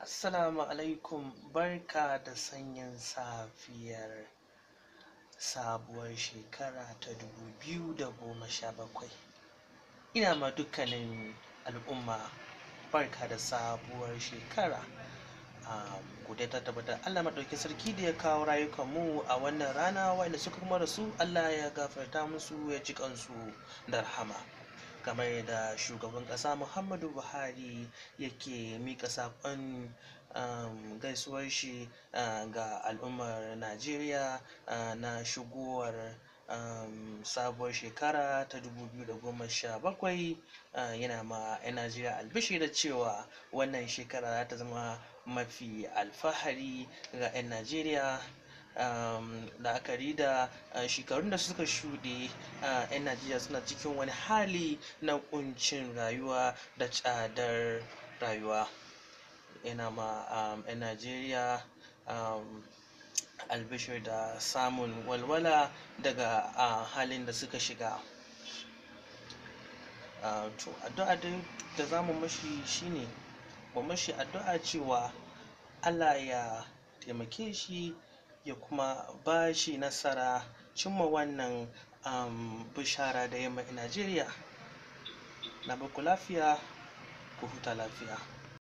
Assalamu alaikum barka da sanyin safiyar sabuwar shekara ta da goma sha bakwai. ina ma dukkanin al'umma barka da sabuwar shekara A godiya ta tabbatar Allah maɗauki sarki da ya kawo rayukan mu a wannan rana wa'inda suka kuma rasu Allah ya gafarta musu ya ji kansu da rahama. kamar da shugaban ƙasa muhammadu buhari yake mika saƙon um, gaisuwar shi uh, ga al'ummar najeriya uh, na shigowar um, sabuwar shekara ta 2017 bakwai uh, yana ma 'yan najeriya albishi da cewa wannan shekara za ta zama mafi alfahari ga 'yan najeriya Um, la'akari da uh, shekarun da suka shuɗe 'yan uh, najeriya suna cikin wani hali na kuncin rayuwa da tsadar rayuwa yana ma 'yan um, najeriya um, albishir da samun walwala daga uh, halin da suka shiga to addu'a da za mu mashi shine mu mashi addu'a cewa allah ya taimake shi ya kuma ba shi nasara cimma wannan um, bishara da yamma Najeriya. Na baku lafiya, ku huta lafiya.